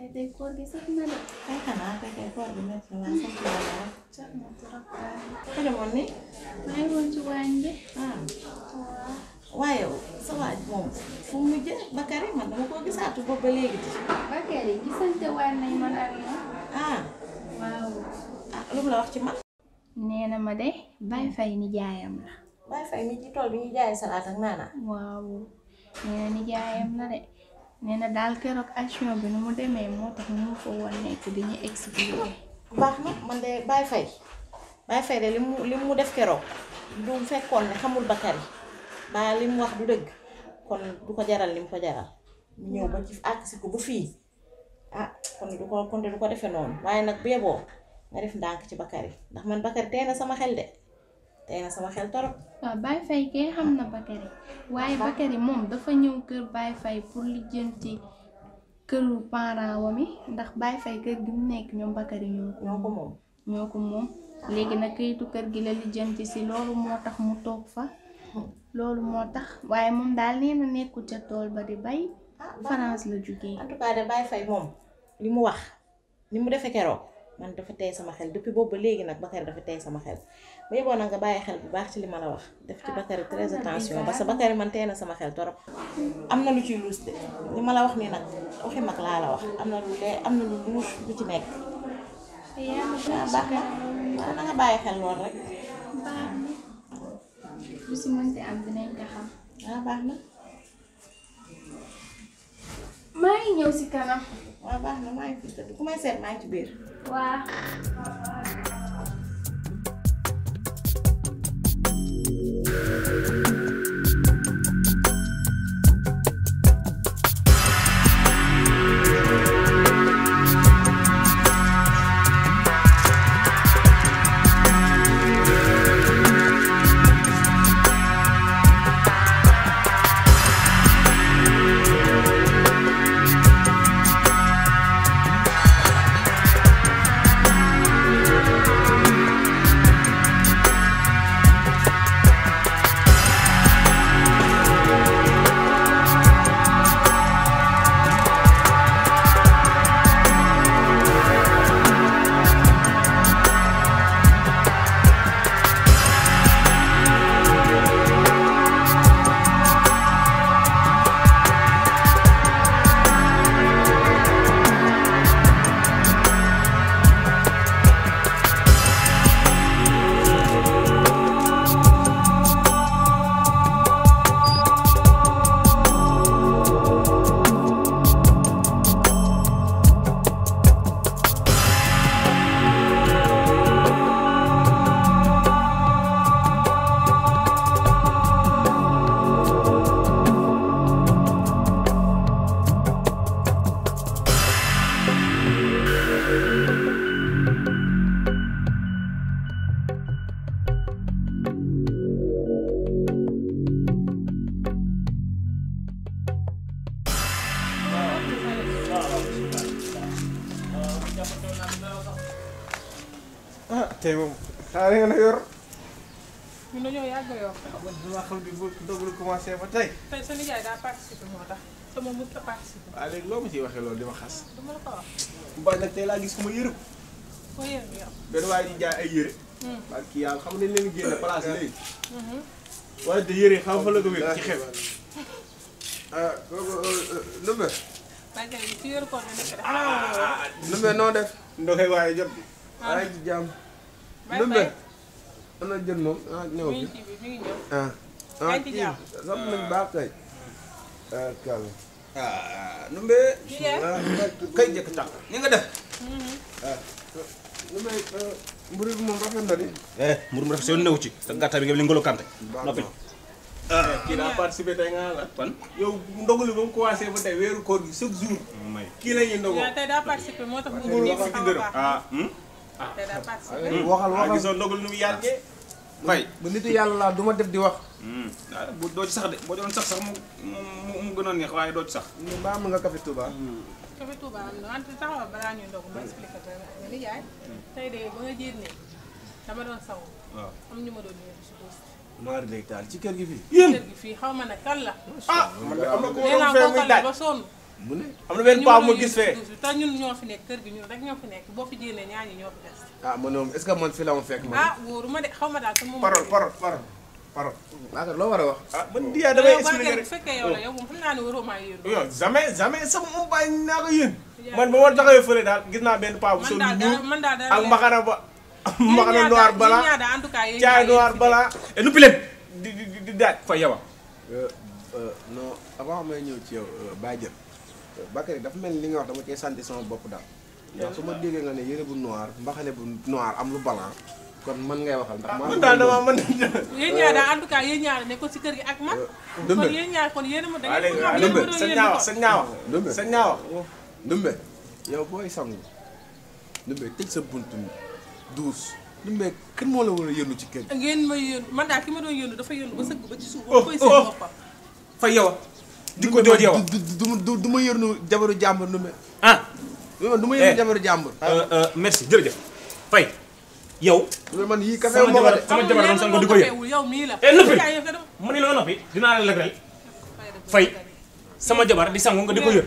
ya di ekor bisa gimana? Kan kan apa kayak ekor gimana? Jangan sampai ya. Cak mau terapkan. Ada mau nih? Mau lucu aja. Ah. Wah, wow. sewaj mom. Fumi je bakar ini mana? Mau kau satu kau beli gitu? Bakar ini bisa warna ini mana? Ah. Wow. Ah, lu melawak cuma? Nih nama deh. Bye bye ini jayam lah. Bye bye ini jual ini jaya salah tengah nana. Wow. Nih ini jayam lah deh. nee na daal keroog action bi nu mu demee moo tax ñu fa woon nekk dañuy expliqué. baax na man de Baye Faye Baye Faye de li mu li mu def keroog du fekkoon ne xamul Bakary ba li mu wax du dëgg kon du ko jaral li mu ko jaral ñëw ba ci àgg si ko ba fii ah kon du ko kon du ko defee noonu waaye nag beeboo nga def ndànk ci Bakary ndax man Bakary tey sama xel de. tey na sama xel torop waaw Baye Faye kay xam na Bakary waaye Bakary moom dafa ñëw kër Baye fay pour lijjanti këru parent wam yi ndax Baye fay kër gi mu nekk ñoom Bakary ñoo ko moom léegi nag kayitu kër gi la lijjanti si loolu moo tax mu toog fa loolu moo tax waaye moom daal nee na ca tool ba di bay ah, France la jógee en tout cas de Baye Faye moom li mu wax li mu defee keroog man dafa tey sama xel depuis boobu ba léegi nag Bakary dafa tey sama xel bu yeboo nag nga bàyyi xel bu baax ci li ma la wax def ci Bakary très attention parce que Bakary man tey na sama xel torop am na lu ci luus de li ma la wax nii nag waxi mag laa la wax am na lu lee am na lu luus lu ci nekk. waaw baax na waaw na nga bàyyi xel lool rek. baax na lu si mënti am dinañ ko xam. waaw baax na. Mãe, eu si kanam. waaw baax na como é que tëdd ku may seet maa ngi ci tey moom xaar nga ne yor. ñun dañoo yàgg yoo. waaw man damaa xam ne bu doogul apa ba tey. tey sa nijaay daa participé moo tax. sama mut a participé. waaw léegi loo ma ciy waxee loolu di ma xas. du ma la ko wax. mbaa nag tey laa gis ku ma yërëm. foo yërëm yow. benn waaye di jaay ay yëre. parce que yàlla xam ne leen génn place léegi. wala te yëre xam fa la ko wér ci ah Ndumbe. Mbacke bi ci yor koor nga nekk def. Ayo Ndumbe lu mel ana jën moom ah ñëw bi ah ah kii sam nañ baax ah kàll ah nu mbe ah, kay jëkk tàkk ni nga def mm-hmm. ah, ah lu mel ah, mburu bi moom rafet na di eh mburu mu rafet seen newu ci sa gàtta bi nga li ngolo kante noppi kii daa participé tey nga la fan yow ndogalu ba mu commencé ba tey weeru koor gi chaque jour kii la ñuy ndogoo ya, tey daa participé moo tax mu ngi xaw a baax hmm? Ah. waxal waxal ah, gisoo ndogal nu mu yàggee mbay bu nitu yàlla laa du def di wax hmm. ah, bu doo ci sax de boo doon sax sax mu mu mu gën neex waaye doo ci sax mbaa am nga café Touba hmm. café Touba am na wante taxawal hmm. tey de ba nga jéet ne dama doon saw waaw am ñu ma doon ñëw si suuf taal ci kër gi fii kër gi fii xaw ma ne kan la ah man am na ko ba sonn mu ne am na benn paa ma gis fee te ñun ñoo fi nekk kër gi ñun rek ñoo fi nekk boo fi génnee ñaar ñi ñoo fi des. ah man moom est man fi la ma fekk. ah wóoruma de xaw loo war a wax. ah man diya damay fekkee yow la yow moom xam naa ne waroo maa yéen. non jamais jamais sax ko yéen. man ba ma taxawee fële daal gis naa benn paa bu sol ñuul ak mbaxana ba. mbaxana noir bala caay noir bala et lu pilet di di di fa yawa non avant may ñëw ci yow Baye Bakary dafa mel ni li nga wax dama cee santi sama bopp daal ndax su ma déggee nga ne yére bu noir mbaxale bu noir am lu balan kon mën ngay waxal ndax man daal dama mën yéen ñaar daal en tout ñaar ne ko ci kër gi ak man euh, kon yéen kon yéen ma da ngeen sa ñaa sa ñaa wax sa ñaa wax yow booy sangu dumbe tëj sa bunt mi duus dumbe kan moo la war a ci kër gi ngeen may yëndu man daal ki ma doon yëndu dafa yëndu ba sëgg ba ci suuf koy oh, seen oh. boppam fa yow di ko joojee wax du du ma yërnu jabaru jàmbur nu mel. ah. du ma eh. yërnu jabaru jàmbur. Euh, euh, merci jërëjëf Faye yow. man yii kafe moo ko de sama jabar doon di ko yër. yow mii la eh, ma ne la noppi dinaa la lëkkal Faye sama jabar di sangu nga di ko yër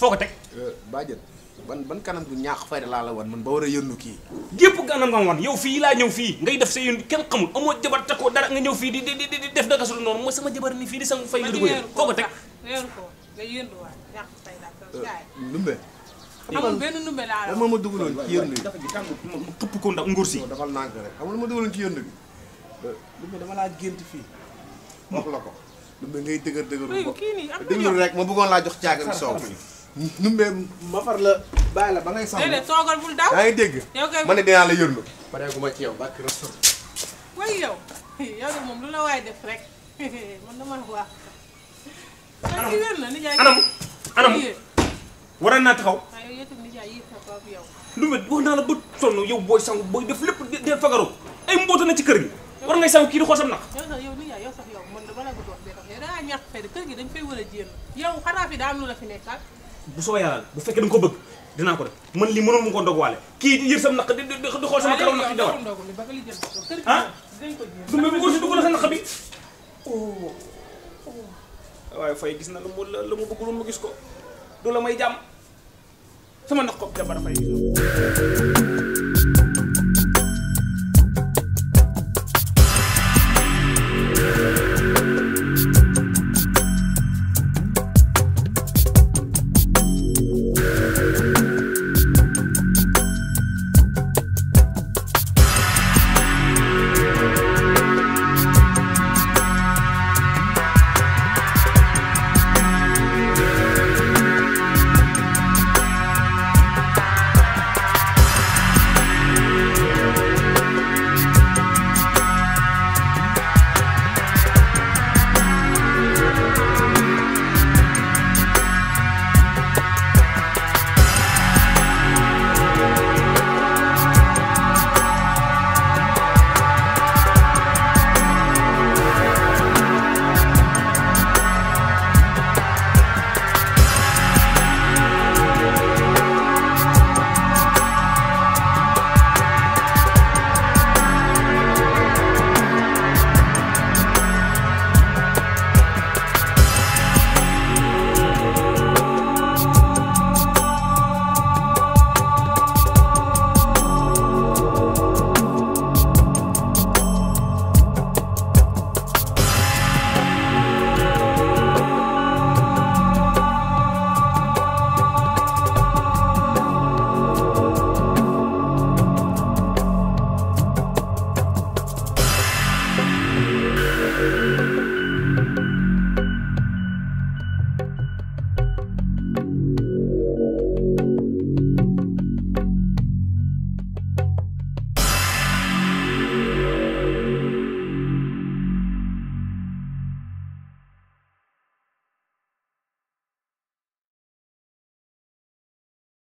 foo ko teg. Euh, bàjjen ban ban kanam gu ñaax fayda laa la wan man ba war a yëndu kii gépp kanam nga wan yow fii laa ñëw fii ngay def sa yëndu kenn xamul amoo jabar takkoo dara nga ñëw fii di di di def dakasul noonu mooy sama jabar ni fii di sangu fay nga di ko yër foo ko teg weeru ko nga yënduwaat yàq say daal. Euh, jaay numbe. benn numbe laa la. ma dugaloon ci yënd bi ma këpp ko ndax nguur si. dafa nànk rek xam nga ma dugaloon ci yënd bi. Euh, numbe dama laa gént fii. wax la ko. numbe ngay dëgër dëgëru ko déglu rek ma bëggoon laa jox caaga bi soow. numbe ma far la bàyyi la ba ngay. sàmm déedéet toogal bul daw yaa ngi dégg. ma ne dinaa la yëndu. ma ci yow bàkk rek. way moom lu la waay def rek anam anam waroon naa taxaw. lu mel wax naa la ba sonn yow booy sangu booy def lépp de de fagaru ay mboota na ci kër gi. war ngay sangu kii di xool sam naq. yow nijaay yow sax yow man dama la bëgg wax bee tax yow da ngaa ñàkk fay kër gi a jéem yow ah? bu soo yàlla bu fekkee da ko bëgg dinaa ko def man lii mënoon mu ko ndogwaale kii yër sam naq di di di xool sama karaw naq di naq bi. Oh. Oh. waaye fay gis na la mu la mu bëgg lu mu gis ko du la may jàmm sama ndox ko jabar fay gis na